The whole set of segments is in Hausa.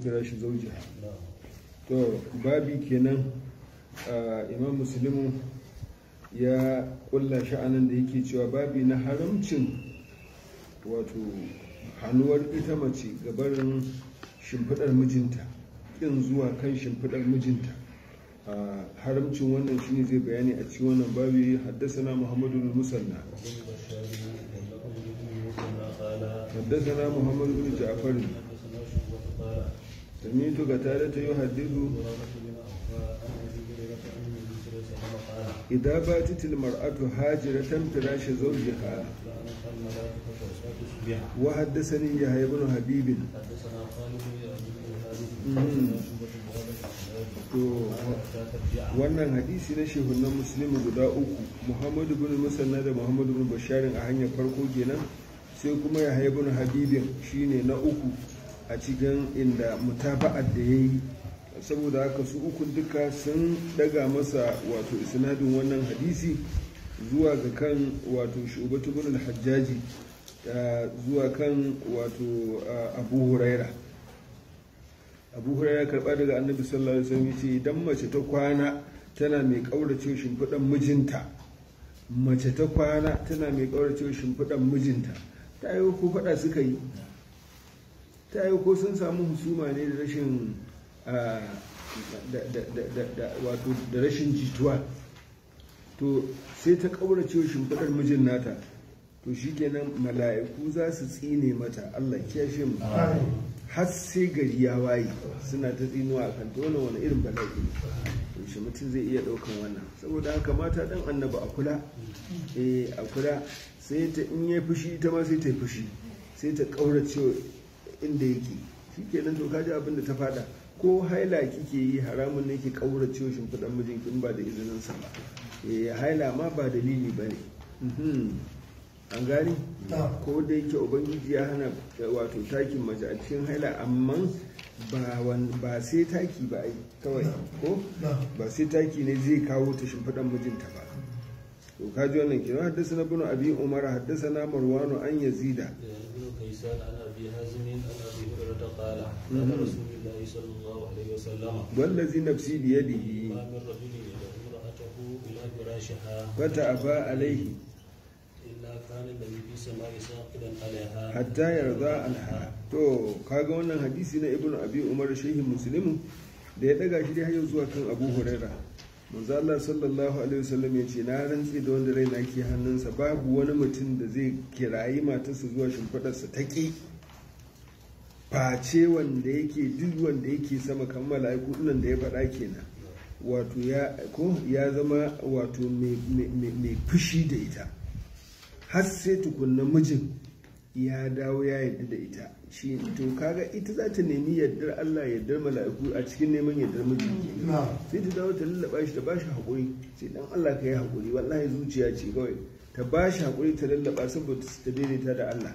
kira shi zauja to babi kenan imam musulmi ya kulla sha'anin da yake cewa babi na haramcin wato hannuwar ita mace gabarin shimfidar mijinta ƙin zuwa kan shimfidar mijinta haramcin wannan shine zai bayani a cikin wannan babi haddasa muhammadu musanna haddasa muhammadu ja'far سمعت قتادة يحدث إذا باتت المرأة هاجرة فراش زوجها وحدثني يحيى بن حبيب wannan hadisi na shehunan musulmi guda uku muhammadu bin musanna da muhammadu bin basharin a hanyar farko kenan sai kuma ya haibun habibin shine na uku a cikin inda mutaba'ar da ya yi saboda haka su uku duka sun daga masa wato isnadin wannan hadisi zuwa ga kan wato shubatu bin hajjaji zuwa kan wato abu huraira abu huraira karba daga annabi sallallahu alaihi wasallam yace idan mace ta kwana tana mai kaurace shimfiɗan mijinta mace ta kwana tana mai kaurace shimfiɗan mijinta ta yi ko faɗa suka yi ta yi ko sun samu husuma ne da rashin ah, wato da rashin jituwa to sai ta ƙaurace shimfiɗar mijin nata to shi kenan mala'iku za su tsine mata allah kiyashe mu har sai gari ya waye suna ta tsinuwa a kan tona wani irin bala'i to shi mutum zai iya ɗaukan wannan saboda haka mata dan annabi eh, a kula sai ta in ya fushi ita ma sai ta yi fushi sai ta ƙaurace inda yake shikenan to kaji abin da ta fada ko haila kike yi haramun ne ki kaurace shimfiɗan mijin kin ba da izinin sa ba eh, haila ma ba dalili ba ne hmm. an gani ko da yake ubangiji ya hana eh, wato takin mace a cikin haila amma ba sai taki ba ai kawai ko ba sai taki ne zai kawo ta shimfiɗan mijinta ba to kaji wannan kina haddasa na bin abi umara haddasa na marwanu an yazida eh, والذي نفسي بيده فتأبى عليه حتى يرضى عنها تو كاغا wannan hadisi na Ibn Abi Umar shehin Muslim da ya daga shi dai har zuwa kan Abu Huraira manzo Allah sallallahu alaihi wasallam ya ce na rantse da wanda raina ke hannunsa babu wani mutum da zai kirayi matarsa zuwa shimfidarsa ta face wanda yake duk wanda yake sama kan mala'iku nan da ya faɗa kenan wato ya ko ya zama wato mai fushi da ita har sai tukunna mijin ya dawo ya yadda da ita shi to kaga ita za ta nemi yaddar Allah yaddar mala'iku a cikin neman yaddar miji sai ta dawo ta lallaba shi ta ba hakuri sai dan Allah ka yi hakuri wallahi zuciya ce kawai ta bashi hakuri ta lallaba saboda ta daidaita da Allah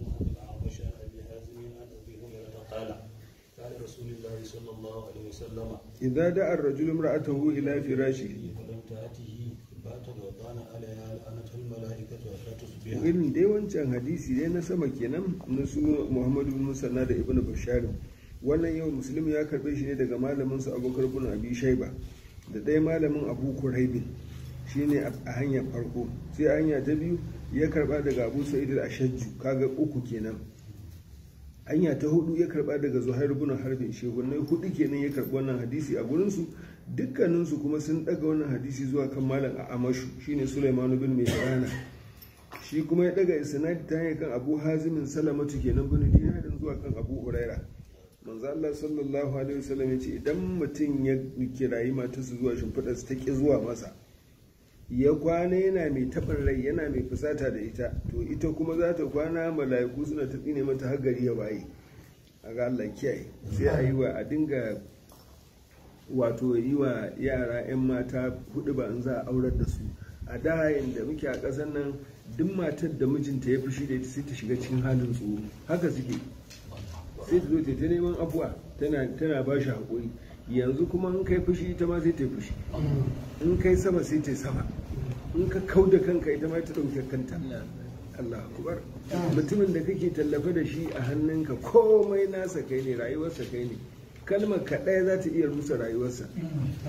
الله صلى الله عليه وسلم إذا دعا الرجل امرأته إلى فراشه فلم تأته باتت وطان عليها لعنة الملائكة حتى وإن حديثي نسو محمد بن ابن بشار wannan yau musulmi ya karbe shi ne daga malaminsa abokar bin abi shaiba da ɗaya malamin abu kuraibin shine a hanyar farko sai a hanya ta biyu ya karba daga abu sa'id al-ashajju kaga uku kenan hanya ta hudu ya karba daga zuhair bin harbin shehunai hudu kenan ya karba wannan hadisi a gurinsu dukkaninsu kuma sun daga wannan hadisi zuwa kan malam a amashu shine sulaimanu bin mai shi kuma ya daga isnadi ta hanyar kan abu hazimin salamatu kenan bin dinarin zuwa kan abu uraira. manzo Allah sallallahu alaihi wasallam ya ce idan mutum ya kirayi matarsa zuwa shimfiɗarsa ta ki zuwa masa ya kwana yana mai taɓar rai yana mai fusata da ita to ita kuma za ta kwana mala'iku suna ta tsine mata har ya waye a ga Allah kiyaye sai a yi wa a dinga wato yi wa yara 'yan mata hudu ba in za a aurar da su a da da muke a ƙasar nan duk matar da mijinta ya fushi da ita sai ta shiga cikin halin tsoro haka suke sai ta zo ta neman abuwa tana ba shi haƙuri yanzu kuma in kai fushi ita ma sai ta fushi in kai sama sai ta sama in ka kau da kanka ita ma ta ɗauke kanta Allah akbar mutumin da kake tallafa da shi a hannunka komai nasa kai ne rayuwarsa kai ne kalmar kaɗai za ta iya rusa rayuwarsa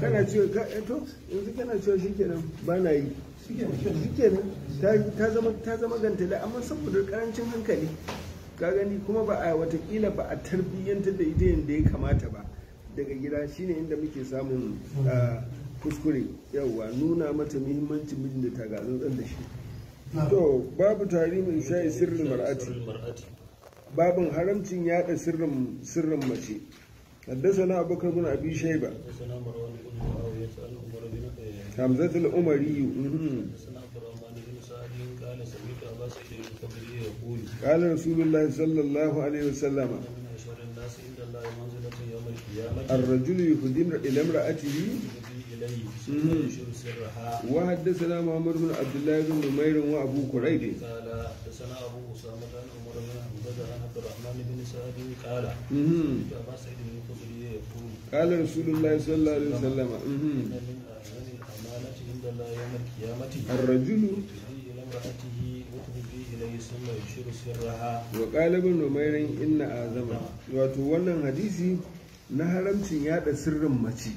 kana cewa ka eh to yanzu kana cewa shikenan ba na yi shikenan ta zama ta zama da amma saboda karancin hankali ka gani kuma ba a watakila ba a tarbiyyantar da ita yadda ya kamata ba daga gida shine inda muke samun ah, kuskure yauwa nuna mata muhimmancin mijin da ta gazan tsan da shi to babu tari mai sha'i sirrin mar'ati babin haramcin yada sirrin sirrin mace haddasa na abokan بن abi شيبة ba مروان بن معاوية عن عمر بن حمزة sallallahu قال رسول الله صلى الله عليه وسلم الرجل يهدم إلى امرأته وحدثنا محمد بن عبد الله بن نمير وابو كريب قال حدثنا ابو اسامه عن عمر بن عبد الرحمن بن سعد قال قال رسول الله صلى الله عليه وسلم من الامانه عند الله يوم القيامه الرجل وقال ابن نمير ان اعظم wato wannan hadisi na haramcin yada sirrin mace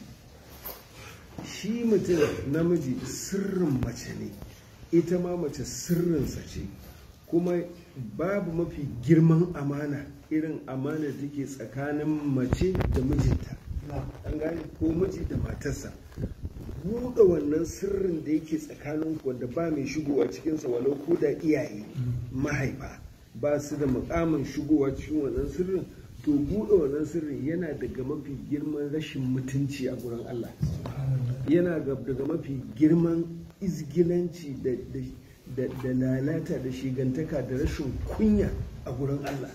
shi mutum namiji sirrin mace ne ita ma mace sirrinsa ce kuma babu mafi girman amana irin amana da ke tsakanin mace da mijinta an gane ko miji da matarsa buɗe wannan sirrin da yake tsakanin wanda ba mai shigowa cikinsa walau ko da iyaye mahaifa ba su da mukamin shigowa cikin wannan sirrin to buɗe wannan sirrin yana daga mafi girman rashin mutunci a gurin Allah yana daga mafi girman izgilanci da lalata da shigantaka da rashin kunya a gurin Allah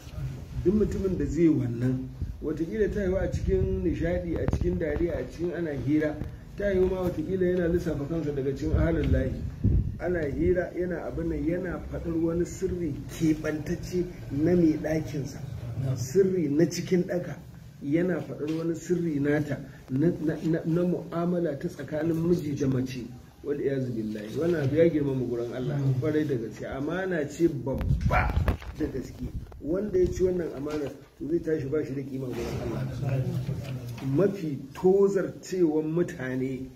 duk mutumin da zai wannan watakila ta yiwu a cikin nishadi a cikin dariya a cikin ana hira ta yi ma watakila yana lissafa kansa daga cikin ahalin layi ana hira yana abin yana faɗar wani sirri keɓantacce na mai ɗakinsa sirri na cikin ɗaka yana faɗar wani sirri nata na mu'amala ta tsakanin miji da mace wadda ya billahi wani abu ya girma mu Allah kwarai mm. da gaske amana ce babba da gaske wanda ya ci wannan amana to zai tashi ba shi da kima gurin Allah mafi tozar tozarcewan mutane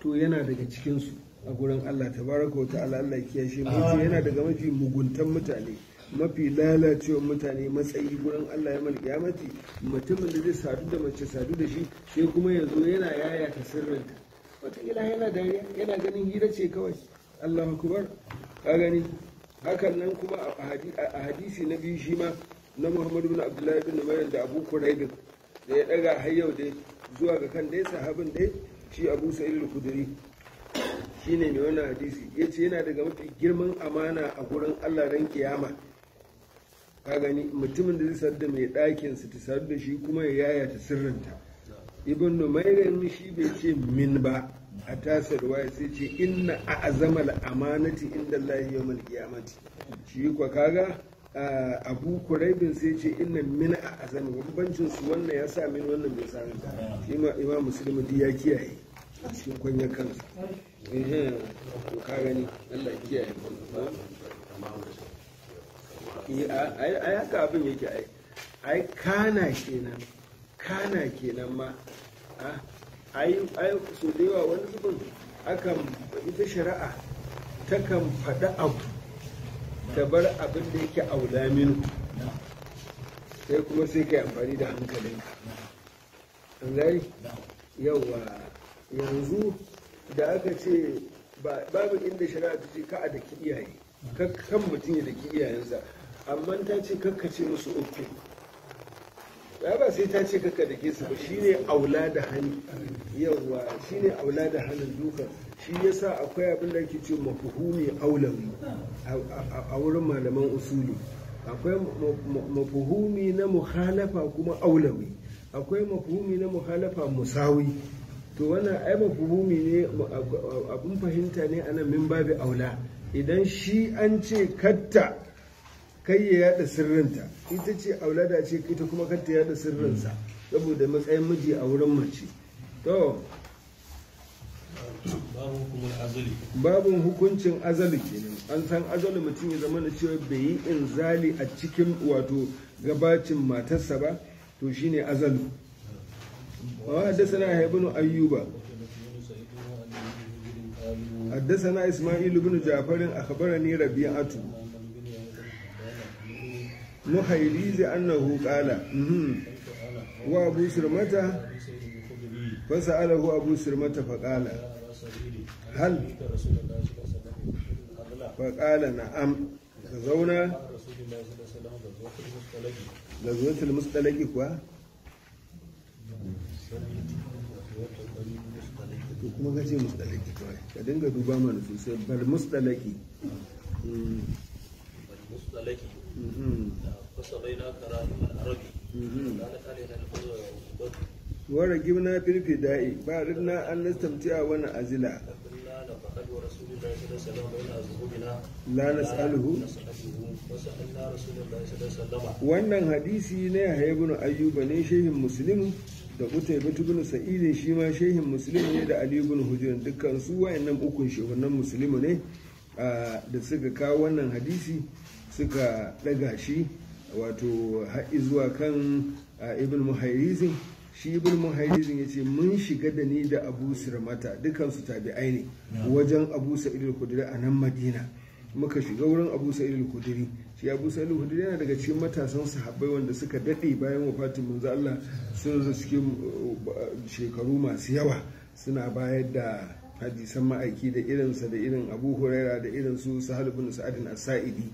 to yana daga cikinsu a gurin Allah tabaraka wa ta'ala Allah ya kiyashe mu yana daga mafi muguntan mutane mafi lalacewa mutane matsayi gurin Allah ya malki yamati mutumin da zai sadu da mace sadu da shi sai kuma ya zo yana yaya ta sirrinta wataƙila yana dariya yana ganin hira ce kawai Allah akbar ka gani hakan nan kuma a hadisi na biyu shi ma na Muhammadu bin Abdullahi bin Numayr da Abu Kuraibin da ya daga har yau dai zuwa ga kan dai sahabin dai shi Abu Sa'id al-Khudri shine mai wannan hadisi yace yana daga mafi girman amana a gurin Allah ran kiyama ka gani mutumin da zai sadu da mai ɗakin su ta sadu da shi kuma ya yaya ta sirrinta ibn numairin shi bai ce min ba a tasar waya sai ce inna a azamal amanati inda lahi yau mal kiyamati shi kwa kaga abu kuraibin sai ce inna min a azami bambancin su wannan ya sa min wannan bai sa min ba musulmi muslim ya kiyaye cikin kwanya kansa ka gani Allah kiyaye ai haka abin yake ai ai kana kenan kana kenan ma ai ai so da yawa wani zubin akan ita shari'a takan faɗi abu ta bar abin da yake aula minu sai kuma sai ka amfani da hankalinka an gari yawa yanzu da aka ce babu inda shari'a ta ce ka a ki iyaye kan mutum ya da iyayensa amma ta ce kakkace musu uku ya ba sai ta ce kakka da ke su ba shi ne aula da hannu yawa shi ne aula da hannun duka shi ya sa akwai abin da ke ce mafuhumi aulawi a wurin malaman usuli akwai mafuhumi na muhalafa kuma aulawi akwai mafuhumi na muhalafa musawi to wannan ai mafuhumi ne abin fahimta ne a nan min babu aula idan shi an ce katta kai ya yada sirrinta ita ce aulada ce ita kuma kar ta yada sirrinsa saboda matsayin miji a wurin mace to babun hukuncin azali kenan an san azali mutum ya zama na cewa bai yi inzali a cikin wato gabacin matarsa ba to shine azalu وحدثنا ابن أيوب حدثنا إسماعيل بن جعفر أخبرني ربيعة muhaili muhairizi annahu qala mhm. wa abu sirmata fasalahu abu sirmata faqala hal na am ka zauna da zuwatul mustalaki kuwa to kuma ka mustalaki kawai ka dinga duba mana sosai bar mustalaki hmm. المصطلح Gimna كراهيم العربي قالت علينا الفضل والبر ورجبنا في الفداء باردنا أن نستمتع la nas'aluhu wannan hadisi na yahya ibn ayyuba ne shehin muslim da qutayba ibn sa'id shi ma shehin muslim ne da ali ibn hujr dukkan su nan ukun shehunan muslimu ne ah, da suka kawo wannan hadisi suka daga shi wato haɗi zuwa kan ibn muhairizin shi ibn muhairizin ya ce mun shiga da ni da abu sirmata dukansu tabi'ai ne wajen abu sa'idul kudiri a nan madina muka shiga wurin abu sa'idul kudiri shi abu sa'idul kudiri yana daga cikin matasan sahabbai wanda suka daɗe bayan wafatin manzo Allah sun zo cikin uh, shekaru masu yawa suna bayar da hadisan ma'aiki da irinsa da irin abu huraira da irin su sahal bin sa'adin saidi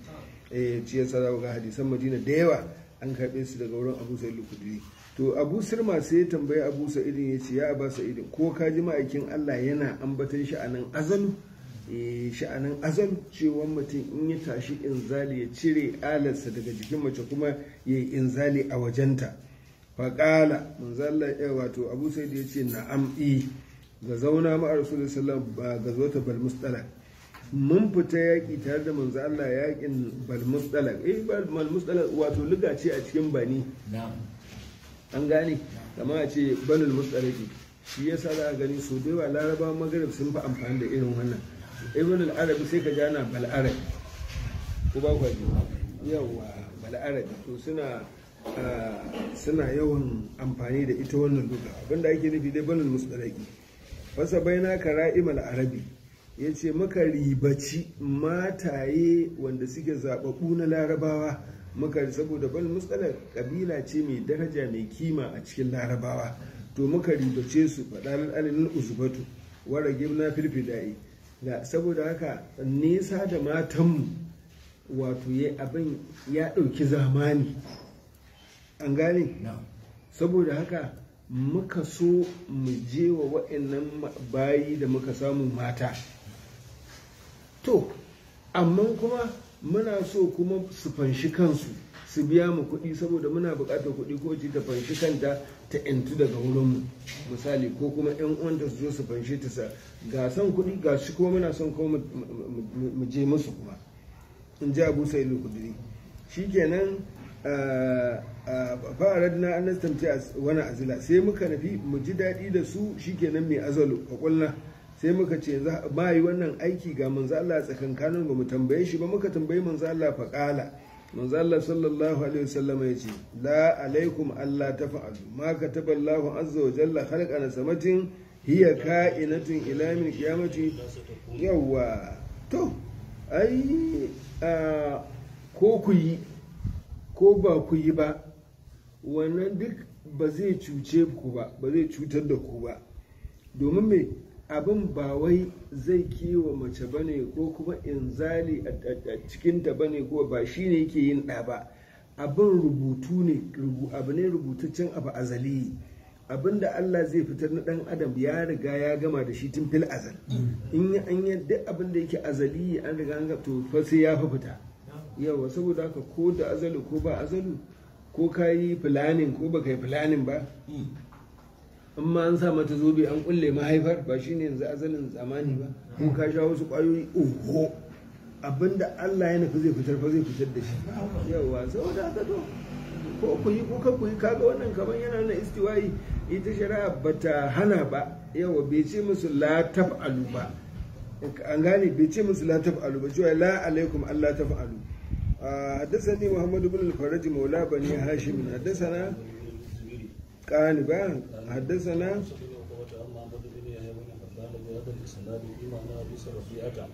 ciyar eh, ci ga hadisan madina da yawa an karɓe su daga wurin abu sa'id lukudiri to abu sirma sai ya tambayi abu sa'id ya ce ya abu sa'id ko ka ji ma'aikin Allah yana ambaton sha'anin azalu eh, sha'anin azalu cewa mutum in ya tashi inzali ya cire alarsa daga jikin mace kuma ya yi inzali a wajenta faƙala manzalla ya eh, wato abu sa'id ya ce na'am i ga zauna ma'a rasulullah sallallahu alaihi ba ga ta bal mun fita yaƙi tare da manzo Allah yaƙin balmusdalak eh balmusdalak wato luga ce a cikin bani an gane kamar a ce banul musdalaki shi yasa za a gani su da yawa laraba magarib sun fi amfani da irin wannan ibn al-arab sai ka jana bal arab ko ba ku ji yawa bal arab to suna ah, suna yawan amfani da ita wannan luga abinda ake nufi dai banul musdalaki fasa baina kara'imal arabi ya ce muka ribaci mataye wanda suke zaɓaɓɓu na larabawa muka saboda bal matsalar ƙabila ce mai daraja mai kima a cikin larabawa to muka ribace su faɗar alilin uzubatu wara gimna da saboda haka nesa da matanmu wato ya abin ya ɗauki zamani an gane saboda haka muka so mu je wa waɗannan bayi da muka samu mata to amma kuma muna so kuma su fanshi kansu su biya mu kuɗi saboda muna buƙatar kuɗi ko ta fanshi kanta ta intu daga wurinmu misali ko kuma yan uwanta su zo su fanshi ta sa ga son kuɗi ga shi kuma muna son kuma mu je musu kuma in ji abu sai kudiri shikenan fa'arar na an nastamta wani azila sai muka nafi mu ji daɗi da su shikenan mai azalu a ƙulla sai muka ce ba yi wannan aiki ga manzo Allah tsakankanin ba mu tambaye shi ba muka tambaye manzo Allah faƙala manzo Allah sallallahu alaihi wasallam ya ce la alaikum Allah ta fa'adu ma taɓa Allahu azza wa jalla khalqana samatin hiya ka'inatun ila min qiyamati yawa to ai ko ku yi ko ba ku yi ba wannan duk ba zai cuce ku ba ba zai cutar da ku ba domin me abin ba wai zai kiwo mace ba ne ko kuma inzali a cikinta ba ne ko ba shi ne yake yin ɗa ba abin rubutu ne abu ne rubutaccen abu azali abin da Allah zai fitar na ɗan adam ya riga ya gama da shi tun fil azal in an yi duk abin da yake azali an riga an to fa sai ya fi fita yawa saboda haka ko da azali ko ba azali? ko ka yi filanin ko ba ka yi filanin ba in ma an sa mata zobe an kulle mahaifar ba shi ne yanzu azalin zamani ba ko ka sha wasu kwayoyi oho abinda Allah ya nufi zai fitar fa zai fitar da shi yawa saboda haka to ko ku yi ko ka ku yi kaga wannan kamar yana na istiwayi ita shari'a ba ta hana ba yawa bai ce musu la taf'alu ba an gane bai ce musu la taf'alu ba cewa la alaikum Allah taf'alu حدثني محمد بن الفرج مولى بني هاشم حدثنا قالبا حدثنا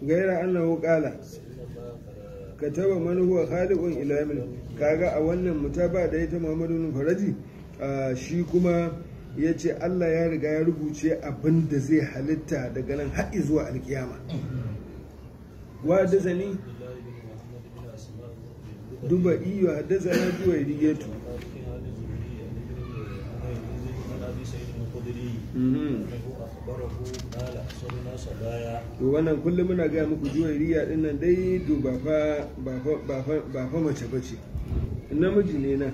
غير انه قال كتب من هو خالق الى من كاغا mutaba da ita Muhammadu bin faraji? shi kuma yace Allah ya riga ya rubuce abinda zai halitta daga nan har zuwa alkiyama wa da zani duba iyo haddasa na juwa rigiyatu Mm-hmm. to wannan kullum muna gaya muku juwan riya din nan dai duba fa ba fa mace ba ce namiji ne na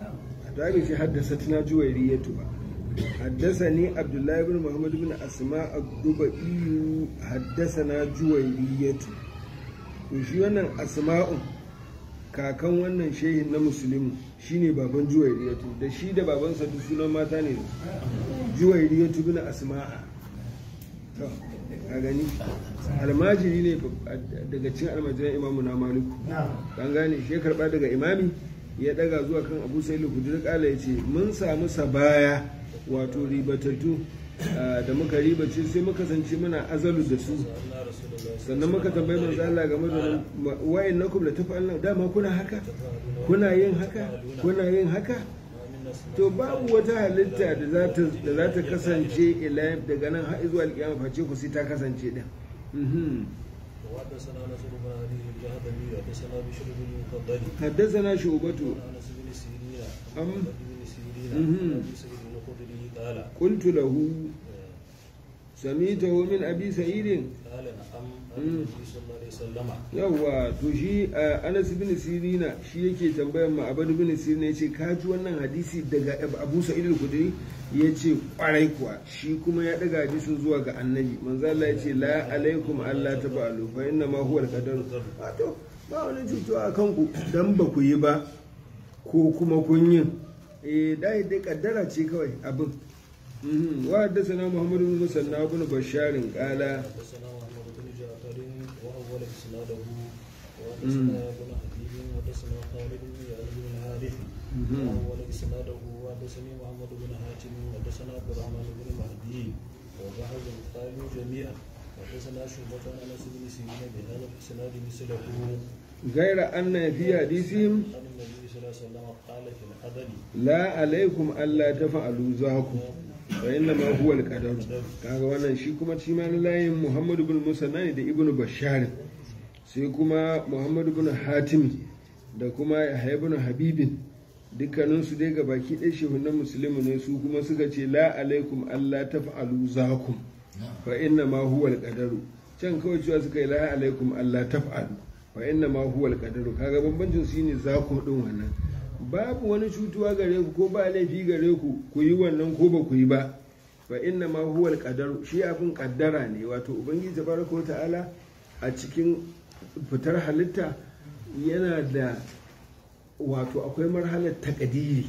a tabi ce haddasa tana juwan riya ba haddasa ne abdullahi bin muhammad bin asma a duba haddasa na juwan riya to shi wannan asma'un kakan wannan shehin na musulmi shine baban juwairiyatu da shi da babansa duk sunan mata ne juwairiyatu bin asma'a to ka gani almajiri ne daga cin almajiran imamu na maliku kan gane shi karba daga imami ya daga zuwa kan abu sai lukudu da kala ya ce mun samu sabaya wato ribatattu Ah, da muka ce sai muka kasance muna azalu da su sannan muka tambayi manzo Allah game da wayin nakum la tafa'alna dama kuna haka kuna yin haka kuna yin haka to babu wata halitta da za ta da za ta kasance ila daga nan har zuwa alƙiyama face ku sai ta kasance din mhm. haddasa na بن حدثنا حدثنا قلت له سميته من أبي سعيد قال نعم صلى الله عليه وسلم يوا yake tambayar ma abadu bin sirina yace ka ji wannan hadisi daga Abu Sa'id al-Khudri yace kwarai kuwa shi kuma ya daga hadisin zuwa ga Annabi manzo Allah yace la alaikum alla tabalu fa inna ma huwa al-qadar to ba wani cutuwa a ku dan ba ku yi ba ko kuma kun yi. eh dai dai kaddara ce kawai abin وحدثنا محمد بن مسنى بن بشار قال حدثنا محمد بن جعفر واول اسناده وحدثنا بن حبيب وحدثنا خالد بن يعز بن عارف واول اسناده وحدثني محمد بن حاتم وحدثنا عبد الرحمن بن مهدي وبحر القائم جميعا وحدثنا شعبة عن انس بن سيرين بهذا الاسناد مثله غير أن في حديثهم لا عليكم ألا تفعلوا ذاكم fa inna ma huwal al kaga wannan shi kuma shi ma na layin Muhammad ibn Musa ne da Ibn Bashar sai kuma Muhammad ibn Hatim da kuma Yahya ibn Habibin dukkanin su dai baki ɗaya shehunan musulmi ne su kuma suka ce la alaikum Allah taf'alu zakum fa inna ma huwa al can kawai cewa suka yi la alaikum Allah taf'alu fa inna ma huwa al kaga bambancin su ne zakum din wannan babu wani cutuwa gare ku ko ba laifi gare ku ku yi wannan ko ba ku yi ba fa inna ma huwa alqadar shi abin kaddara ne wato ubangiji tabaraka ta'ala a cikin fitar halitta yana da wato akwai marhalar takadiri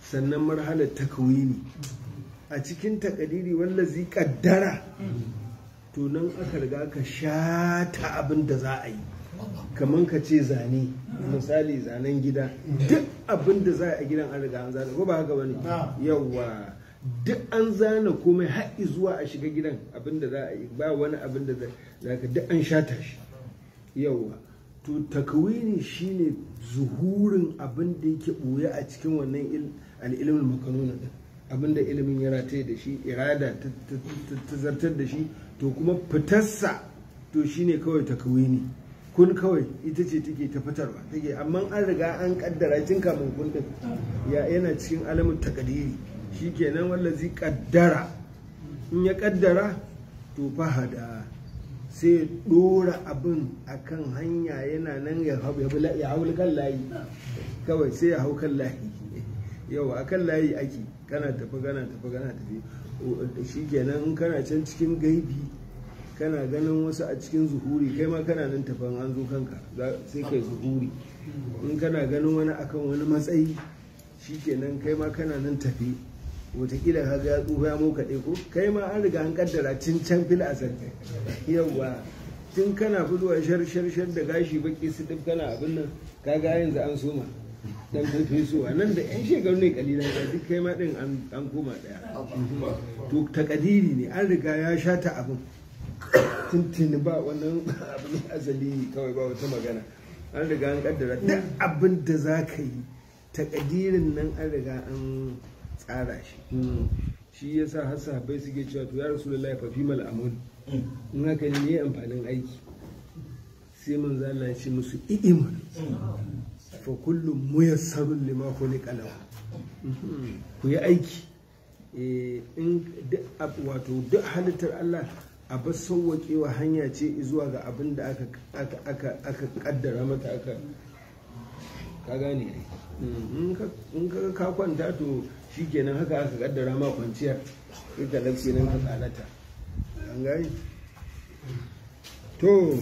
sannan marhalar takawini a cikin takadiri wanda zai kaddara to nan aka riga ka shata abin da za a yi kamar ka ce zane misali zanen gida duk abin da za a gidan an riga an zane ko ba haka bane ah. yawa duk an zana komai haƙi zuwa a shiga gidan abin da za a yi ba wani abin da za ka duk an shata shi yawa to takwini shine zuhurin abin da yake ɓoye a cikin wannan al'ilmin makanuna din abin da ilimin ya rata da shi irada ta zartar da shi to kuma fitarsa to shine kawai takwini kun kawai ita ce take ta fitarwa take amma an riga an kaddara cin kamun kun din ya yana cikin alamun takadiri shikenan wallazi kaddara in ya kaddara to fahada sai dora abin akan hanya yana nan ya hau kan layi kawai sai ya hau kan layi yau akan layi ake kana tafi kana tafi kana tafi shikenan in kana can cikin gaibi kana ganin wasu a cikin zuhuri kai ma kana nan tafan an zo kanka sai kai zuhuri in kana ganin wani akan wani matsayi shikenan kai ma kana nan tafe wataƙila ka ga tsufa ya moka ko kai ma an riga an kaddara tun can fil asal yawwa tun kana fitowa shar shar shar da gashi baki su duk kana abin nan ka ga yanzu an soma dan a nan da yan shekaru ne kalilan ka duk kai ma din an koma daya to takadiri ne an riga ya sha ta abin tuntuni ba wannan ne azali kawai ba wata magana an riga an kaddara duk abin da za ka yi takadirin nan an riga an tsara shi hmm. shi ya sa hasa bai suke cewa to ya rasulullahi fa fi mal hmm. in haka ne ne amfanin aiki sai mun zana shi musu i'ima hmm. fa kullum sarun lima ko ne kalawa ku yi aiki eh, in wato duk halittar Allah abin sauwaƙewa hanya ce zuwa ga abin da aka kaddara mata aka ka gane mm-hmm. in ka ka kwanta to shikenan haka aka kaddara ma kwanciyar sai ka lafi nan ka tsanata an to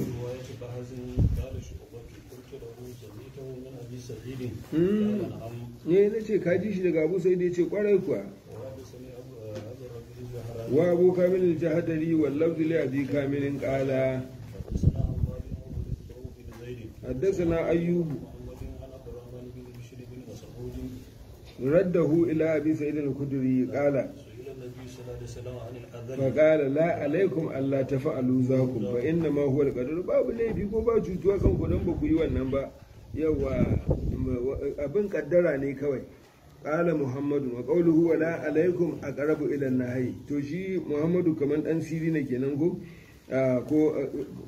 ne hmm. eh, na ce ka ji shi daga abu sai da ce kwarai kuwa وابو كامل الجهدري واللفظ لأبي كامل قال حدثنا أيوب رده إلى أبي سعيد الخدري قال فقال لا عليكم الا تفعلوا ذاكم فانما هو القدر باب لي ko ba cutuwa kan ku dan ba ku yi wannan ba yawa abin kaddara ne kawai ƙala muhammadu wa ƙauluhu wa la alaikum a ƙarabu ilan nahayi to shi muhammadu kamar ɗan siri na kenan ko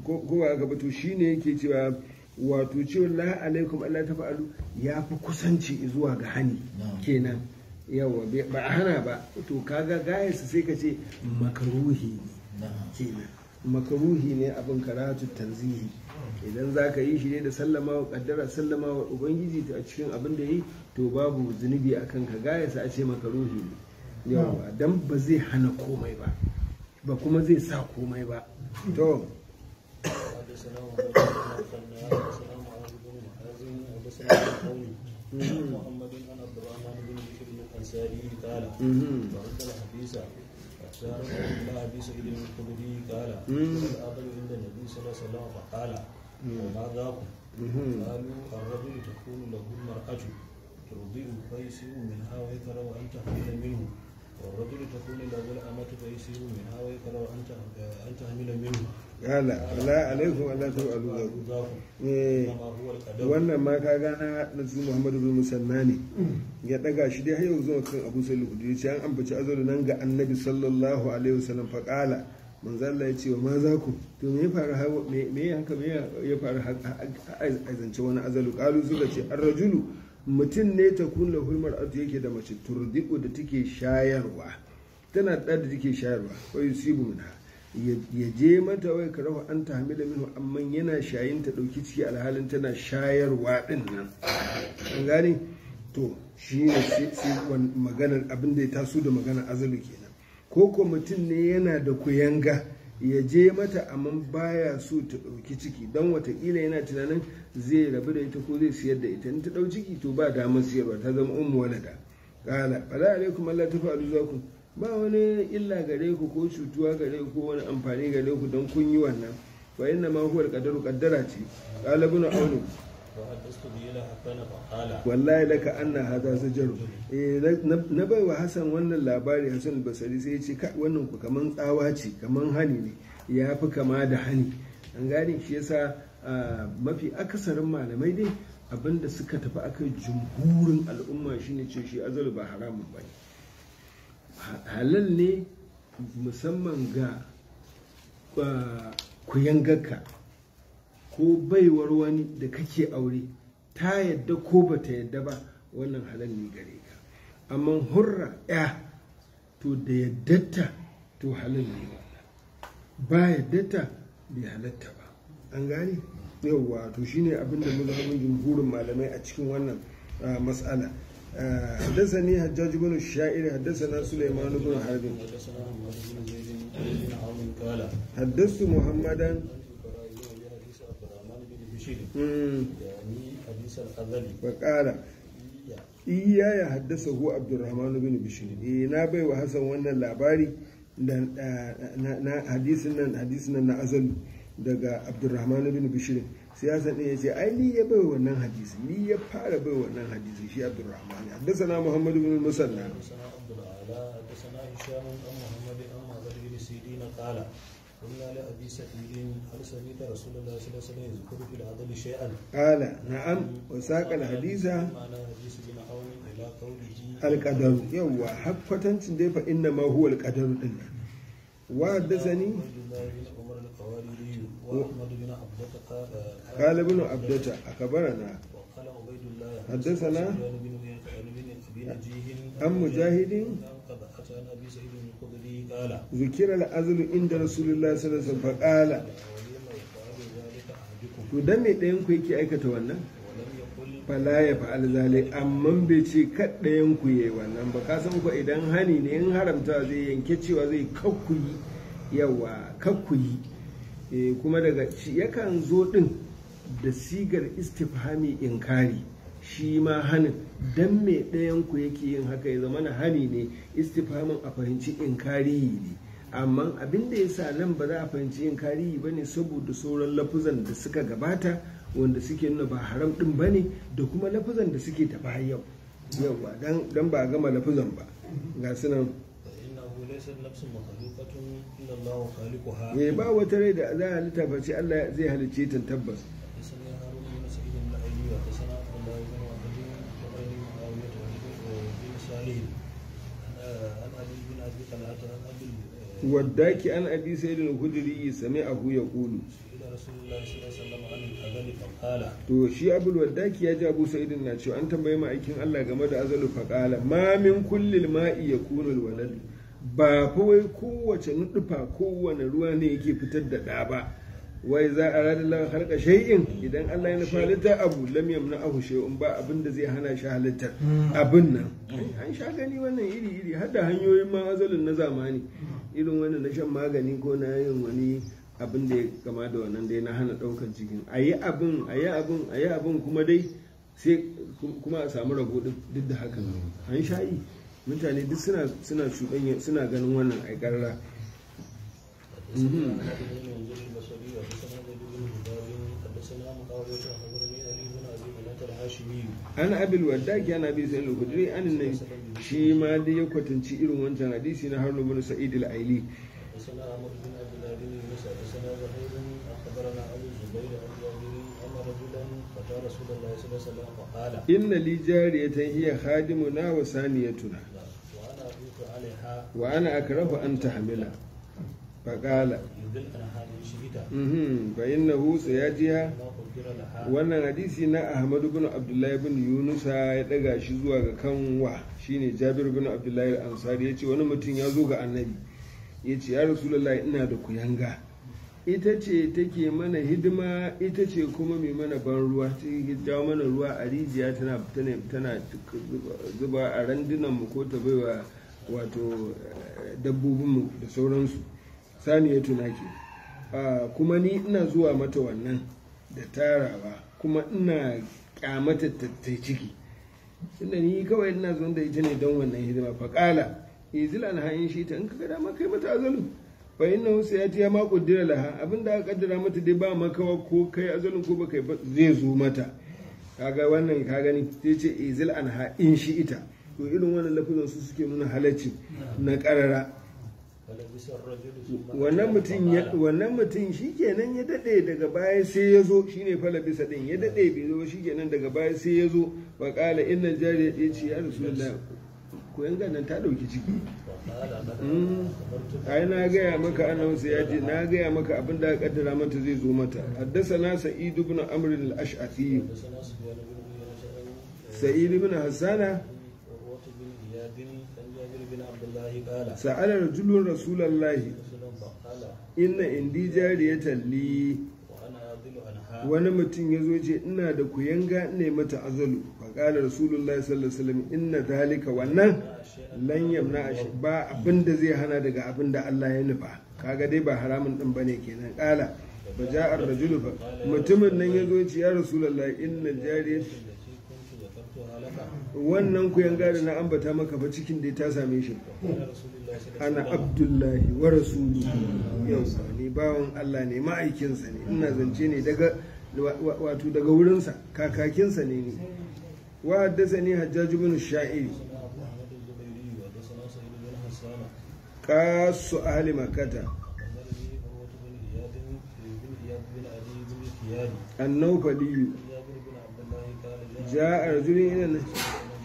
ko ba gaba to shi ne yake cewa wato cewa la alaikum allah ta fa'alu ya fi kusanci zuwa ga hani kenan yawa ba a hana ba to kaga gayarsa sai ka ce makaruhi kenan makaruhi ne abin karatu tanzihi idan za ka yi shi ne da sallama wa kaddara sallama wa ubangiji a cikin abin da yi to babu zunubi a kanka gaya sa a ce makaruhi ne yawa dan ba zai hana komai ba ba kuma zai sa komai ba to محمد بن عبد الرحمن بن بشر الانصاري قال فقد الحديث سارق الله بسعيد الخدري قال الأبي عند النبي صلى الله عليه وسلم فقال وما ذاكم قالوا الرجل تكون له المرأة ترضيه فيسئ منها ويكره أن تخرج منه والرجل تكون له الأمة فيسير منها أن منه Wannan ma ka gana na su Muhammadu bin Musanna ne. Ya daga shi dai har yau zuwa kan Abu Sa'id al-Khudri ce an ambaci azalu nan ga Annabi sallallahu alaihi wasallam fa qala manzo Allah ya ce wa ma za ku to me ya faru haka me ya faru wani azalu qalu suka ce ar mutum ne ta kunna hulmar ato yake da mace turdiku da take shayarwa tana da da take shayarwa wa yusibu minha ya je mata wai ka rawa an da minu amma yana shayin ta dauki ciki alhalin tana shayarwa din nan an gane to shi ne maganar abin da ya taso da maganar azalu kenan ko ko mutum ne yana da kuyanga ya je mata amma baya so ta ɗauki ciki don watakila yana tunanin zai rabu da ita ko zai siyar da ita in ta dau ciki to ba damar siyarwa ta zama ummu walada kala fala alaikum Allah ta faru za ku ba wani illa gare ku ko cutuwa gare ku ko wani amfani gare ku don kun yi wannan fa inna ma huwa al qaddara ce qala ibn wallahi laka anna hada zajaru eh, na bai wa hasan wannan labari hasan basari sai ce wannan ku kaman tsawa ce kaman hani ne ya fi kama da hani an gane shi yasa mafi akasarin malamai dai abinda suka tafi aka yi jumhurin al'umma shine ce shi azal ba haramun ba ne. halal ne musamman ga kuyangarka ko baiwar wani da kake aure ta yadda ko ba ta yadda ba wannan halal ne gare ka amma hurra ya to da yaddata to halal ne wannan ba yaddata bai halatta ba an gane yauwa to shine abin da mazhabin jumhurin malamai a cikin wannan mas'ala حدثني حجاج بن الشاعر حدثنا سليمان بن حرب حدثت محمدا Bakara. Hmm. Iya ya haddasa hu Abdulrahman bin Bishir. Eh na bai wa Hassan wannan labari da na hadisin nan hadisin nan na azalu daga Abdulrahman bin Bishir. Sai Hassan ya ce ai ni ya bai wannan hadisi ni ya fara bai wannan hadisi shi Abdulrahman. Haddasa na Muhammad bin Musanna. Haddasa na Abdul Ala, haddasa na Hisham bin Muhammad bin Muhammad bin Sidina qala قلنا لأبي سعيد هل سمعت رسول الله صلى الله عليه وسلم يذكر في العدل شيئا؟ قال نعم وساق الحديث معنى حديث بن عون إلى قوله القدر يوا حق فتنتن دي فإنما هو القدر إن وحدثني قال ابن عبدة أخبرنا وقال عبيد الله حدثنا عن مجاهد zikira al'azulu inda rasulullah sallallahu alaihi wasallam to dan me ɗayan ku yake aikata wannan fala ya fa'al zalai amma bai ce kaɗayan ku yayi wannan ba ka san ku idan hani ne in haramta zai yanke cewa zai kakkuyi yawa kakkuyi kuma daga yakan zo din da sigar istifhami inkari shi ma hanin dan me ɗayan ku yake yin haka ya zama na hani ne istifamin a fahimci kari ne amma abin da ya sa nan ba za a fahimci inkarihi ba ne saboda sauran lafuzan da suka gabata wanda suke nuna ba haram ɗin ba ne da kuma lafuzan da suke ta ba yau ba dan ba gama lafuzan ba ga su nan eh, ba wata rai da za a littafa ce Allah zai halicce ta tabbas وقيل عن أبي بن الخدري سمعه يقول to shi abul waddaki ya ji abu sa'idin na cewa an tambaye ma aikin Allah game da azalu faqala ma min kullil ma'i yakunu alwalad ba fa wai kowace nuɗufa kowane ruwa ne yake fitar da ɗa ba wai za a rada la harka shay'in idan Allah ya nufa abu lam yamna ahu shay'un ba abin da zai hana shi halittar hmm. abin nan an sha gani wannan iri iri har da hanyoyin ma azalin na zamani irin wannan na shan magani ko na yin wani abin da ya kama da wannan dai na hana daukar jikin ayi abin ayi abin ayi abin kuma dai sai kuma a samu rago duk da hakan an sha'i mutane duk suna suna suna ganin wannan aikarra an abil waddaki ana bi sai al an nan shi ma dai ya kwatanci irin wancan hadisi na harnu bin sa'id al-aili inna li jariyatan hiya khadimuna wa saniyatuna wa ana akrahu an tahmila faƙala bayan na hutsa ya jiya wannan hadisi na ahmadu bin abdullahi bin yunusa ya ɗaga shi zuwa ga kanwa shine jabir bin abdullahi ansari ya ce wani mutum ya zo ga annabi ya ce ya rasulallah ina da kuyanga ita ce take mana hidima ita ce kuma mai mana ban ruwa ta jawo mana ruwa a rijiya tana tana zuba a randunan mu ko ta baiwa wato eh, dabbobinmu da sauransu Sani ya tuna ke ah, kuma ni ina zuwa mata wannan da tarawa kuma ina kyamata ta ciki tunda ni kawai ina zuwa da ita ne don wannan hidima faƙala izila na hanyar shi ta in ka gada ma kai mata azalu fa inna husa ya ma kuddira laha abin da aka kaddara mata dai ba makawa ko kai azalin ko baka zai zo mata kaga wannan ka gani sai ce izil anha in shi ita to irin wannan lafazin su suke nuna halacci na karara wannan mutum shi nan ya dade daga baya sai ya zo shi ne falabisa din ya dade bai zo shi nan daga baya sai ya zo ba ƙala innan jari ya ce ya rasu da koyan ganin ta dauki ciki hmm. ai na gaya maka ana wasu ya ce na gaya maka abin da aka ƙaddara mata zai zo mata haddasa na sa'idu bin amrin al-ash'afi sa'idu bin hasana. sa'ala rajulun rasulallahi ina indi ya talli wani mutum ya zo ce ina da kuyanga ne mata azalu faƙalar rasulullahi sallallahu alaihi wasallam inna wannan wannan na ashe ba abin da zai hana daga abin da Allah ya nufa kaga dai ba haramun din bane kenan ƙala ba ja'ar rajulu ba mutumin nan ya zo ce ya rasulullahi inna jariyatan wannan ku yanga na ambata maka ba cikin da ta same shi ana abdullahi wa rasulu yau ni bawan Allah ne ma'aikinsa ne ina zance ne daga wato daga wurinsa kakakinsa ne ni wa haddasa ne hajjaj ibn sha'iri kasu ahli makata annaufaliyu ja a rajulin ina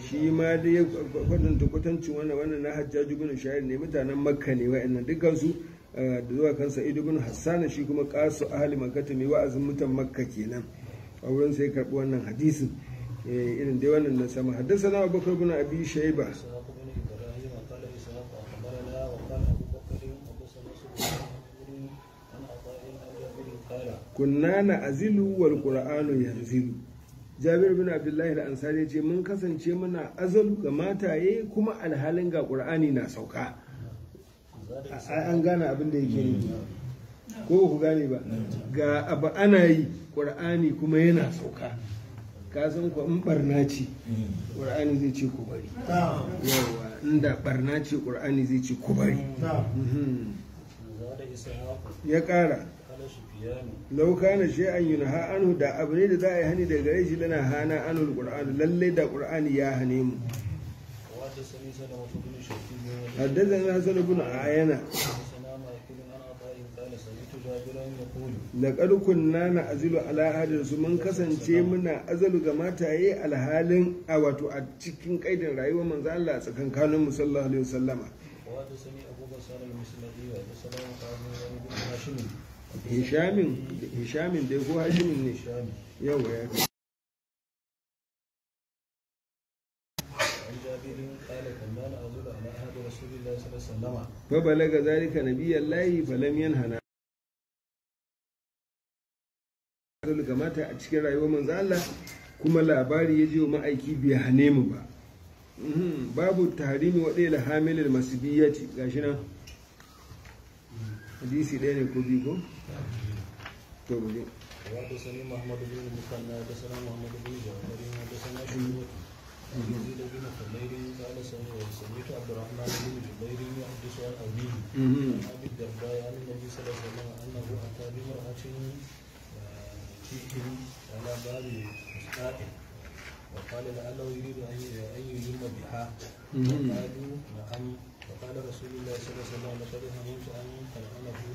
shi ma dai ya kwatanta kwatancin wannan wannan na hajjaji bin shayar ne mutanen makka ne wa'annan dukkansu eh, da zuwa kan sa'idu bin hassan shi kuma kasu ahli makata mai wa'azin mutan makka kenan a wurin sai karbi wannan hadisin eh, irin dai wannan na sama haddasa na abubakar bin abi shaiba kunna na azilu wal qur'anu yanzu. jabir bin abdullahi da ansari ce mun kasance muna azalu ga mataye kuma alhalin ga qur'ani na sauka an gane abin da yake nufi ko ku gane ba ga abu ana yi qur'ani kuma yana sauka ka san ku in barna ce qur'ani zai ce ku bari yawa inda barna ce qur'ani zai ce ku bari mhm. ya kara lau kana shi an yunha anhu da abu ne da za a yi hani daga gare shi lana hana anhu alqur'an lallai da qur'ani ya hane mu حدثنا حسن بن عينة لقد كنا نعزل على su من kasance muna azalu ga mataye alhalin a wato a cikin kaidin rayuwar manzo Allah tsakankanin mu sallallahu alaihi wasallama hishamin hishamin dai ko hashimin ne yau ya fi فبلغ ذلك نبي الله فلم ينهنا ذلك kamata a cikin rayuwar manzo Allah kuma labari ya ji wa ma'aiki bai hane mu ba mhm, babu tahrimi wa dai la masbiyati gashi nan hadisi ɗaya ne ko biyu ko to mu je وحدثني محمد بن المثنى حدثنا محمد بن جعفر حدثنا شيبة عن يزيد بن خليل قال سمعت عبد الرحمن بن جبير يحدث عن أبيه عن أبي الدرداء عن النبي صلى الله عليه وسلم أنه أتى بامرأة تيهم على باب مسقاء وقال لعله يريد أن يلم بها فقالوا نعم فقال رسول الله صلى الله عليه وسلم لقد هممت أن تلعنه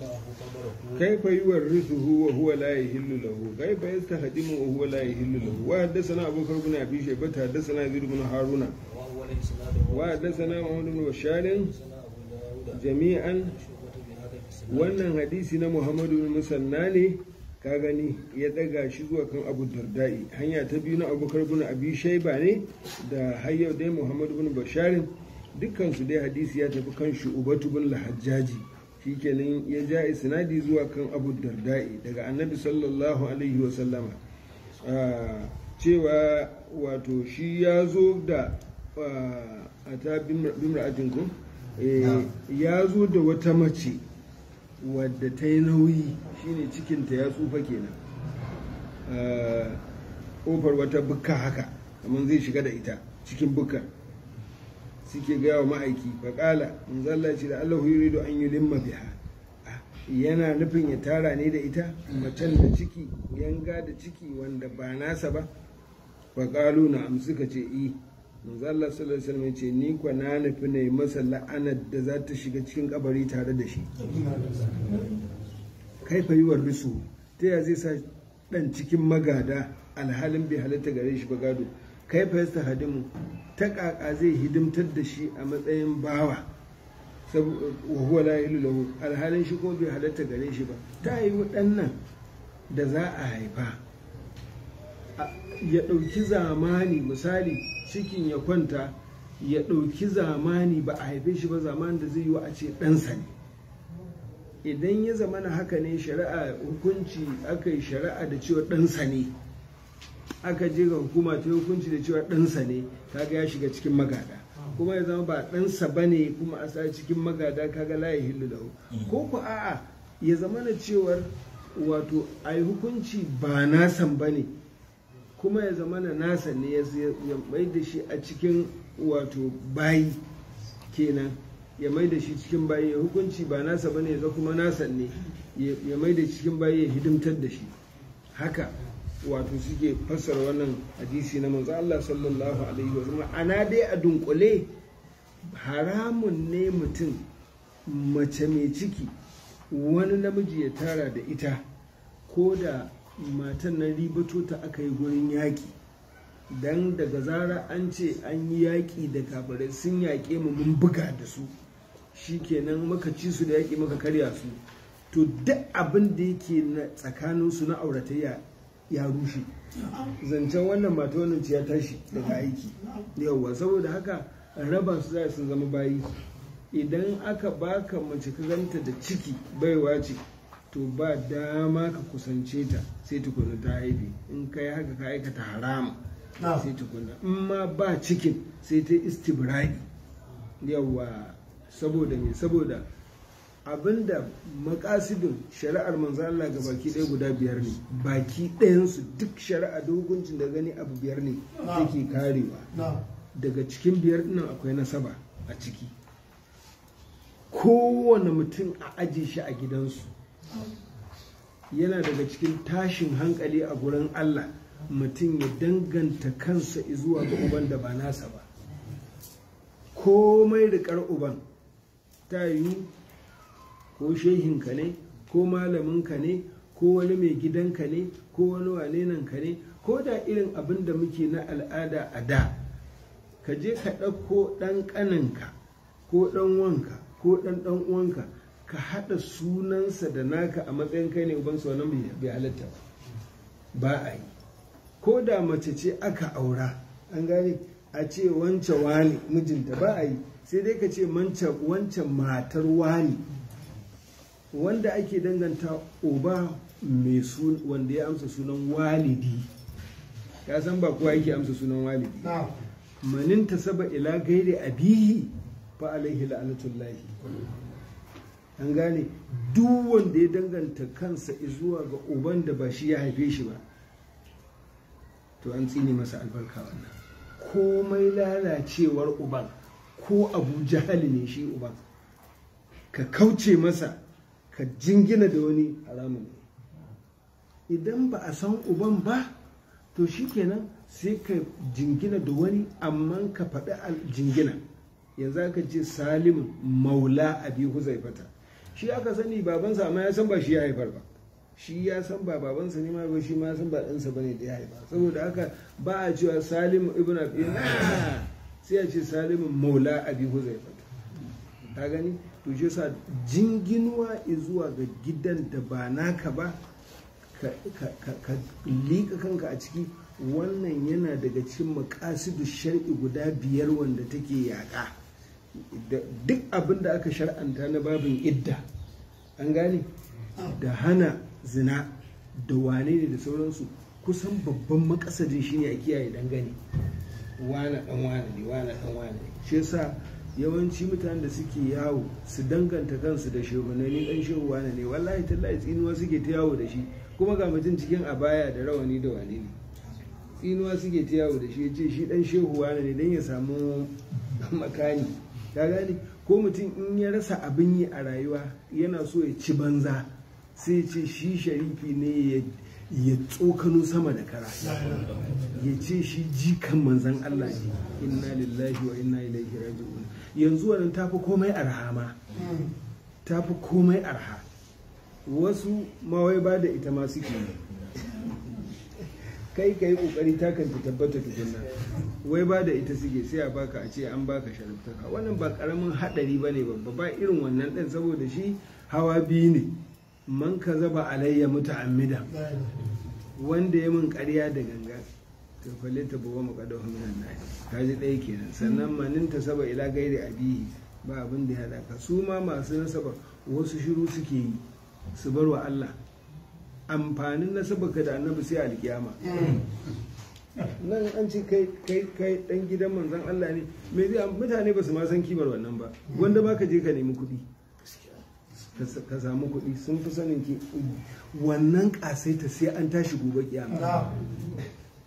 لعنه كيف يورثه وهو لا يهل له كيف يستخدمه وهو لا يهل له وحدثنا أبو بكر بن أبي شيبة حدثنا يزيد بن هارون وحدثنا محمد بن بشار جميعا wannan hadisi na muhammadu musanna ne ka gani ya daga shi zuwa kan abu dardai hanya ta biyu na abubakar bin abi shaiba ne da har yau dai muhammadu bin basharin dukansu dai hadisi ya tafi kan shu'ubatu bin lahajjaji shikenan ya ja isnadi zuwa kan abu dardai daga annabi sallallahu alaihi wa sallama ah, cewa wato shi ya zo da a ah, ta bimra'atin ku eh, ya zo da wata mace wadda ta yi nauyi shine cikinta ya tsufa kenan kofar ah, wata bukka haka kamar zai shiga da ita cikin bukkar suke gaya wa ma'aiki faƙala zalla ce da allahu rido an yi limma biha yana nufin ya tara ne da ita macen da ciki yanga da ciki wanda ba nasa ba faƙalu na ka ce i eh. manzalla sallallahu alaihi ce ni kwa na nufi ne masa la'anar da za ta shiga cikin kabari tare da shi kai fa yi rusu ta ya zai sa dan cikin magada alhalin bi halatta gare shi ba kai fa hadimu ta ƙaƙa zai hidimtar da shi a matsayin bawa wa huwa la lahu alhalin shi ko bai halatta gare shi ba ta yi waɗannan da za a haifa ya ɗauki zamani misali cikin ya kwanta ya ɗauki zamani ba a haife shi ba zamani da zai yi wa a ce ɗansa ne idan ya zamana haka ne shari'a hukunci aka yi shari'a da cewa ɗansa ne aka je ga hukuma ta yi hukunci da cewa ɗansa ne kaga ya shiga cikin magada kuma ya zama ba ɗansa ba ne kuma a sa cikin magada kaga layi hillu da ko ku a'a ya zama na cewar wato a yi hukunci ba nasan ba ne kuma ya zama na nasa ne ya mai da shi a cikin wato bayi kenan ya mai da shi cikin bayi ya hukunci ba nasa ba ne ya kuma nasa ne ya mai da cikin bayi ya hidimtar da shi haka wato suke fassara wannan hadisi na manzo Allah sallallahu alaihi wasallam ana dai a dunkule haramun ne mutum mace mai ciki wani namiji ya tara da ita ko da matan na ribato ta aka yi gurin yaƙi dan daga zara an ce an yi yaƙi da kafirai sun yaƙe mu mun buga da su shikenan muka ci su da yaƙi muka karya su to duk abin da yake tsakaninsu na auratayya ya rushe zancen wannan mata wannan ya tashi daga aiki yauwa saboda haka raba su za su zama bayi idan aka baka mace ka ganta da ciki baiwa ce to ba dama ka kusance ta sai tukuna ta haifi. in ka yi haka ka aikata harama sai tukuna in ma ba cikin sai ta istibrai yauwa saboda me saboda abinda makasidin shari'ar manzan Allah ga baki ɗaya guda biyar ne baki ɗayansu duk shari'a da hukuncin da gani abu biyar ne yake karewa daga cikin biyar ɗinnan akwai nasaba a ciki kowane mutum a aji shi a gidansu yana daga cikin tashin hankali a gurin Allah mutum ya danganta kansa izuwa ga uban da ba nasa ba komai da uban ta yi ko ka ne ko malaminka ne ko wani mai gidanka ne ko wani ka ne ko da irin abin da muke na al'ada a da ka je ka ɗauko ɗan ƙaninka ko ɗan wanka ko ɗan ɗan uwanka ka haɗa sunansa da naka a matsayin kai ne ubansa wannan bai halatta ba ba a yi ko da mace ce aka aura an gane a ce wancan wani mijinta ba a yi sai dai ka ce wancan matar wani wanda ake danganta oba mai sun wanda ya amsa sunan walidi ka san ba kowa yake amsa sunan walidi manin ta saba ila gaire abihi fa alaihi la'anatullahi. an gane duk wanda ya danganta kansa zuwa ga uban da ba shi ya haife shi ba to an tsine masa albarka wannan komai lalacewar uban ko abu jahali ne shi uban ka kauce masa ka jingina da wani haramun idan ba a san uban ba to shikenan sai ka jingina da wani amma ka faɗi jingina yanzu aka ce salim maula abi huzaifata shi aka sani babansa amma ya san ba shi ya haifar ba shi ya san ba babansa ne ma ba shi ma san ba ɗansa bane da ya haifar saboda haka ba a cewa salim ibn abi ah! sai a ce salim maula abi huzaifata ta gani to shi sa jinginuwa zuwa ga gidan da ba naka ba ka liƙa kanka a ciki wannan yana daga cikin makasidu shari'i guda biyar wanda take yaƙa duk abin da aka shar'anta na babin idda an gane da hana zina da wane ne da sauransu kusan babban makasadin shine a kiyaye dangane wane dan wane ne wane dan wane ne shi yasa yawanci mutanen da suke yawo su danganta kansu da shugabanni dan shehuwa wane ne wallahi tallahi tsinuwa suke ta yawo da shi kuma ga mutum cikin abaya da rawani da wani ne tsinuwa suke ta yawo da shi ya ce shi dan shehuwa ne dan ya samu makani ka gane ko mutum in ya rasa abin yi a rayuwa yana so ya ci banza sai ya ce shi sharifi ne ya tsokano sama da kara ya ce shi jikan manzan Allah ne inna lillahi wa inna ilaihi raji'un yanzu wannan tafi komai arha ma hmm. tafi komai arha wasu mawai ba da ita ke suke kai ka yi kokari takan ta tabbata tukunna wai ba da ita suke sai a baka a ce an baka sharaftaka wannan ba karamin hadari ba ne babba ba irin wannan din saboda shi hawa biyu ne man ka zaba alayya muta amida wanda ya min karya da ganga to falle ta buwa muqaddahu ta ji ɗaya kenan sannan manin ta saba ila gairi abihi ba abin da ya daka su ma masu nasaba wasu shiru suke yi su bar wa Allah amfanin nasaba ka da annabi sai alkiyama eh. nan an ce kai kai kai dan gidan manzon Allah ne me zai mutane ba su ma san kimar wannan ba mm. wanda ba ka je ka nemi kuɗi ka samu kuɗi sun fi sanin ki wannan kasaita sai an tashi gobe kiyama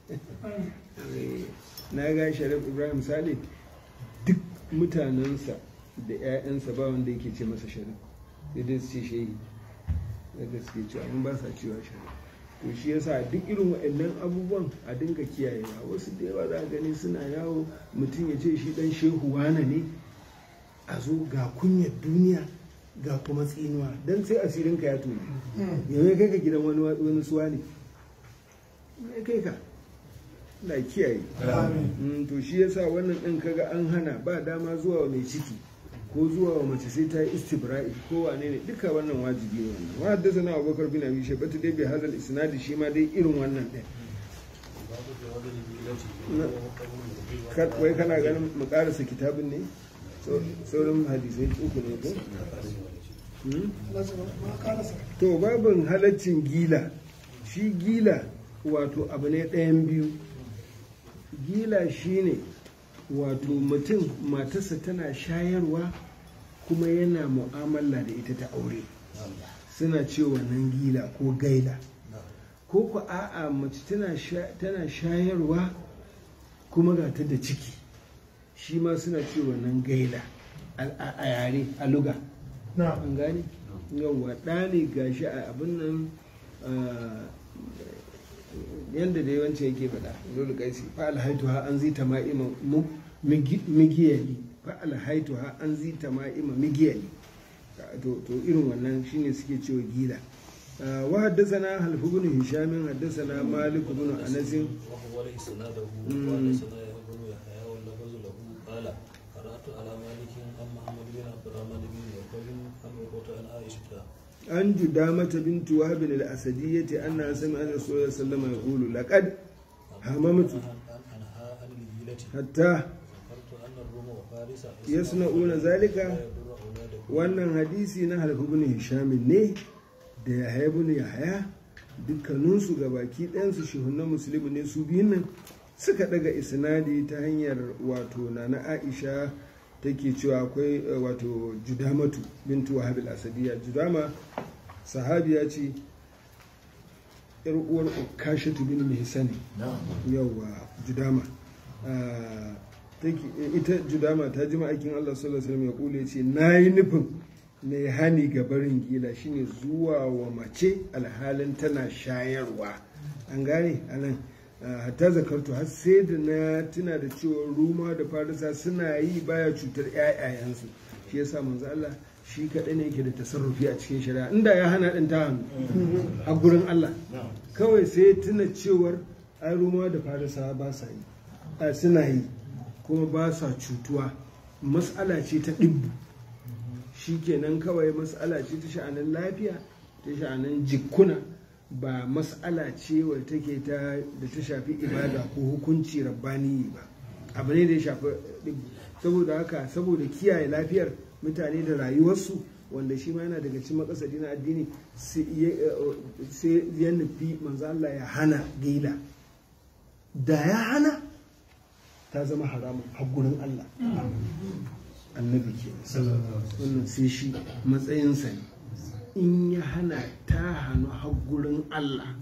Eh, na ga sharif ibrahim sali duk mutanensa da 'ya'yansa ba wanda yake ce masa sharif sai dai su ce shehi da gaske cewa amma ba sa cewa sharif to shi yasa duk irin waɗannan abubuwan a dinga kiyayewa wasu da yawa za a gani suna yawo mutum ya ce shi dan shehu wane ne a zo ga kunyar duniya ga kuma tsinuwa don sai asirinka ya tuni hmm. yanzu kai ka gidan wani suwa ne kai ka na kiyaye mm, to shi yasa wannan din kaga an hana ba dama zuwa mai ciki ko zuwa wa mace sai ta yi istibra'i ko wane ne duka wannan wajibi ne wannan wa haddasa sanawa bakar bin abi shaibatu dai bai hazal isnadi shi ma dai irin wannan din wai kana ganin mu karasa kitabin ne saurin hadisai uku ne ko hmm? to babin halaccin gila shi gila wato abu ne ɗayan biyu gila shine wato mutum matarsa tana shayarwa kuma yana mu'amala da ita ta aure suna cewa nan gila ko gaila ko ku a'a mace tana shayarwa kuma ga ta da ciki shi ma suna cewa nan gaila a yare a luga an gane yawwa ɗa gashi a abin nan ah, yadda da yawanci yake faɗa zulu kaisi fa alhaitu ha an zita ma'ima migiyali fa alhaitu ha an zita ma'ima migiyali to irin wannan shine suke cewa gila wa haddasa na ibn hisham haddathana malik na anas wa huwa an judamata bintu wahabin al-asadiyyati anna sami'at rasulullahi sallallahu alaihi wasallam yaqulu laqad hamamtu hatta yasna'una zalika wannan hadisi na halfu bin hisham ne da ne ya yahya dukkaninsu ga baki ɗayansu shehunan musulmi ne su biyun nan suka daga isnadi ta hanyar wato na na aisha take cewa akwai eh, wato judamatu bintu wahab al-asadiyya judama sahabiya ce yar uwar ukashatu bin mihsani yawa judama ah, ita judama ta ji ma'aikin Allah sallallahu alaihi wasallam ya kule ce na yi nufin yi hani ga barin gila shine zuwa wa mace alhalin tana shayarwa an gane anan hatta eh, zakartu har sai da na tuna da cewa ruma da farisa suna yi baya cutar ƴaƴayensu shi sa manzo Allah shi kaɗai ne yake da tasarrufi a cikin shari'a inda ya hana ɗin ta hannu a gurin Allah kawai sai tuna cewar ai ruma da farisa ba sa yi suna yi kuma ba sa cutuwa mas'ala ce ta ɗibbu shi kenan kawai mas'ala ce ta sha'anin lafiya ta sha'anin jikkuna ba mas'ala ce wadda take ta da ta shafi ibada ko hukunci rabbani ba abu ne da ya shafi saboda haka saboda kiyaye lafiyar mutane da rayuwarsu wanda shi ma yana daga cikin makasadi dina addini sai ya nufi Allah ya hana gila da ya hana ta zama haramun haƙurin Allah annabi ke wannan sai shi matsayinsa ne in ya hana ta hannu hagurin Allah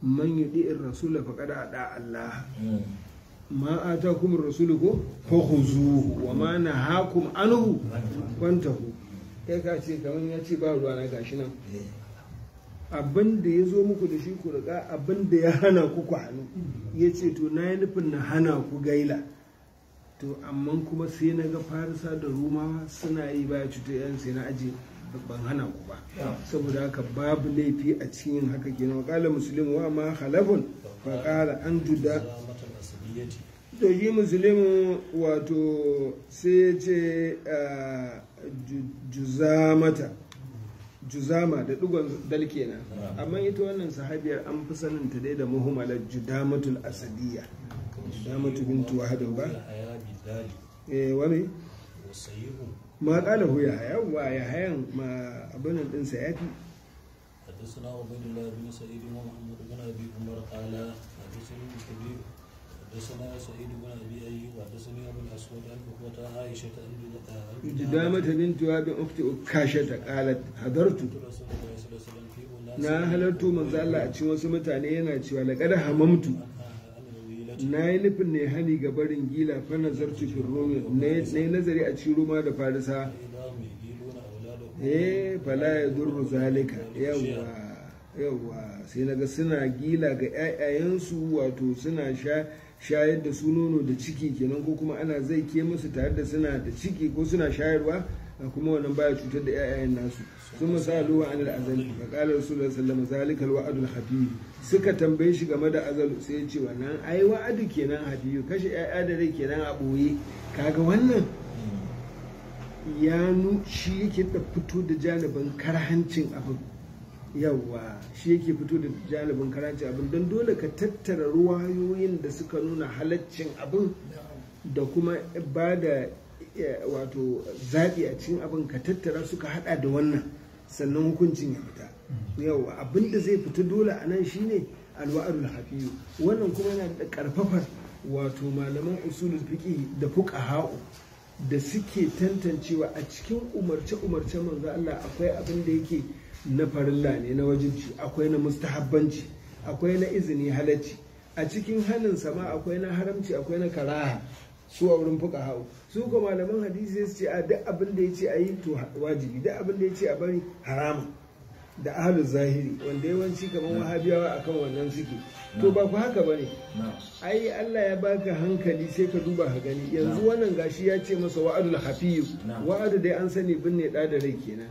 man yi ɗi'in rasula faƙa da haɗa Allah ma a ta kuma rasulu ko fahuzuhu wa ma na hakum anuhu kwantahu ya ka ce kamar ya ce ba ruwa na gashi nan eh. abin da ya zo muku da shi ku abin da ya hana ku ku hannu ya ce to na yi nufin na hana ku gaila to amma kuma sai na ga farisa da rumawa suna yi ba ya yan sai na ajiye ban hana ku ba saboda haka babu laifi a cikin haka kenan kala musulun wa ma halafun ba qala an juda to shi wato sai ya ce juzamata juzama da dugon dal kenan amma ita wannan sahabiyar an fi sanin ta dai da muhimmalar judamatul asadiya judamatu bintu wahadin ba eh wani ma kala hu ya hayan wa ya hayan ma abin din sa yafi حدثنا عبيد الله بن سعيد ومحمد بن ابي عمر قال حدثني الكبير حدثنا سعيد بن ابي ايوب حدثني ابو الاسود عن اخوه عائشه ان بنت اخت قالت حضرت رسول الله صلى الله عليه وسلم na halartu manzo Allah a cikin wasu mutane yana cewa laqad hamamtu na yi nufin ne hani ga barin gila fa nazartu fi romi na yi nazari a cikin roma da farisa eh fala ya durru zalika yawwa yawwa sai naga suna gila ga 'ya'yayensu wato suna sha shayar da su nono da ciki kenan ko kuma ana zai ke musu tare da suna da ciki ko suna shayarwa a kuma wannan baya cutar da 'ya'yayen nasu sun masaluwa an al'azali fa qala rasulullahi sallallahu alaihi wasallam zalikal wa'dul habib suka tambaye shi game da azalu sai ya ce wannan ai wa'adu kenan hadiyu kashe ya'ya da rai kenan a ɓoye kaga wannan ya nu shi yake da fito da janibin karahancin abin yawwa shi yake fito da janibin karahancin abin don dole ka tattara ruwayoyin da suka nuna halaccin abin da kuma ba da wato zaɓi a cikin abin ka tattara suka hada da wannan sannan hukuncin ya fita yawa abinda zai fita dole a nan shine alwa'arul hafiyu wannan kuma yana da karfafar wato malaman usulul fiqh da fuqaha'u da suke tantancewa a cikin umarce umarce manzo Allah akwai abin da yake na farilla ne na wajibci akwai na mustahabbanci akwai na izini halacci a cikin hannun sama akwai na haramci akwai na karaha su a wurin fuka hau su ga malaman hadisi su ce a duk abin da ya ce a yi to wajibi duk abin da ya ce a bari harama da ahalin zahiri wanda yawanci kamar wahabiyawa akan wannan suke to ba ku haka ba ne ai Allah ya baka hankali sai ka duba ka gani yanzu wannan gashi ya ce masa wa'adul hafiyu wa'adu dai an sani binne da da rai kenan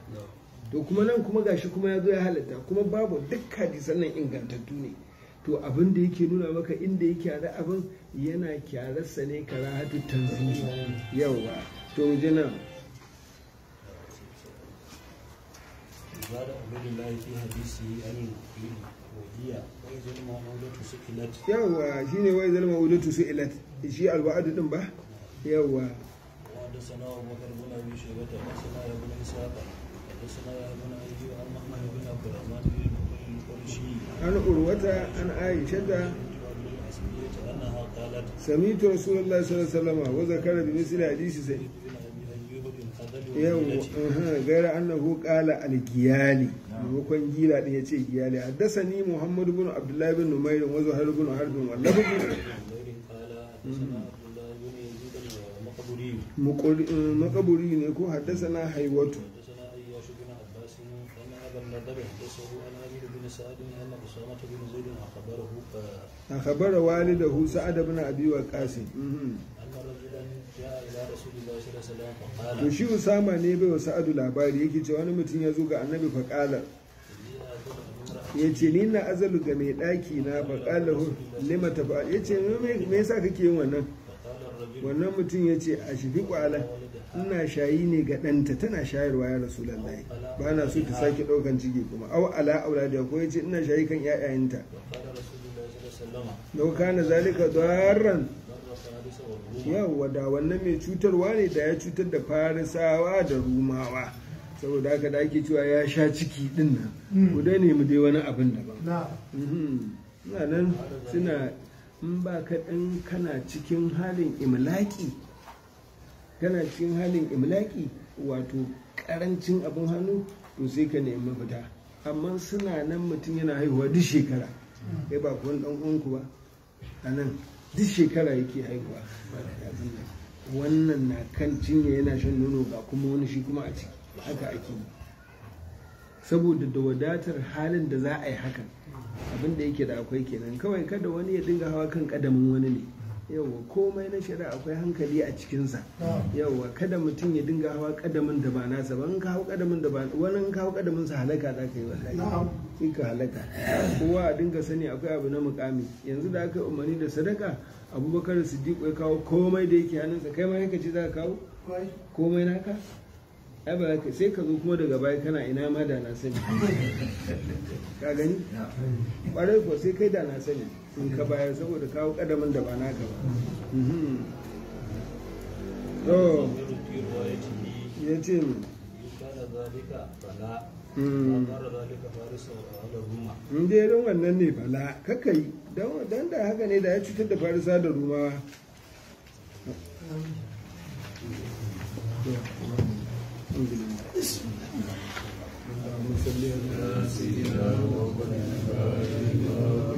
to kuma nan kuma gashi kuma ya zo ya halatta kuma babu duk hadisan nan ingantattu ne to abin da yake nuna maka inda ya kyara abin yana kyararsa ne karahatu tanzini yawa to jinan nan yawa shi ne wai zalma wudu tu su ilat shi alwa'adu din ba yawa an urwata an aishata سميت رسول الله صلى الله عليه وسلم وذكر بمثل حديث سيد hana gaira annahu qala al-giyali maimakon gila din yace giyali haddasani muhammad ibn abdullah ibn numair wa zuhair ibn harb wa labu مقبري نكو حدثنا حيوته أخبر والده سعد بن أبي وقاسم to shi usama ne bai wa sa'adu labari yake ce wani mutum ya zo ga annabi faƙala ya ce ni na azalu ga mai ɗaki na faƙala lima ta ba ya ce me yasa kake yin wannan wannan mutum ya ce a shifi ƙwala ina shayi ne ga ɗanta tana shayarwa ya rasu lallai ba na so ta sake ɗaukan ciki kuma au ala aula da ko ya ce ina shayi kan 'ya'yayinta lau kana zalika darran yawwa da wannan mai cutarwa ne da ya cutar da farisawa da rumawa saboda haka da ake cewa ya sha ciki din nan ku dai nemi dai wani abin da ba. na mhm. nan suna in ba ka ɗan kana cikin halin imlaki kana cikin halin imlaki wato ƙarancin abin hannu to sai ka nemi mafita amma suna nan mutum yana haihuwa duk shekara Ya ba kuwan ɗan uwanku ba a nan duk shekara yake haihuwa wannan na kan cinye yana shan nono ga kuma wani shi kuma a ciki haka ake yi saboda da wadatar halin da za a yi hakan abin da yake da akwai kenan kawai kada wani ya dinga hawa kan kadamin wani ne yawwa komai na shari'a akwai hankali a cikinsa yawwa kada mutum ya dinga hawa kadamin da ba nasa ba in ka hau kadamin da ba wani in ka hau kadamin sa halaka za ka yi wallahi ka halaka kowa a dinga sani akwai abu na mukami yanzu da aka umarni da sadaka abubakar siddiq ya kawo komai da yake hannunsa kai ma ka ce za ka kawo komai naka ai ba ka sai ka zo kuma daga baya kana ina ma da na sani ka gani kwarai ko sai kai da na sani in ka bayar saboda kawo kadamin da ba naka ba mhm. ya ce in dai don wannan ne bala kaka yi don da haka ne da ya cutar da farisa da rumawa اللهم صل على سيدنا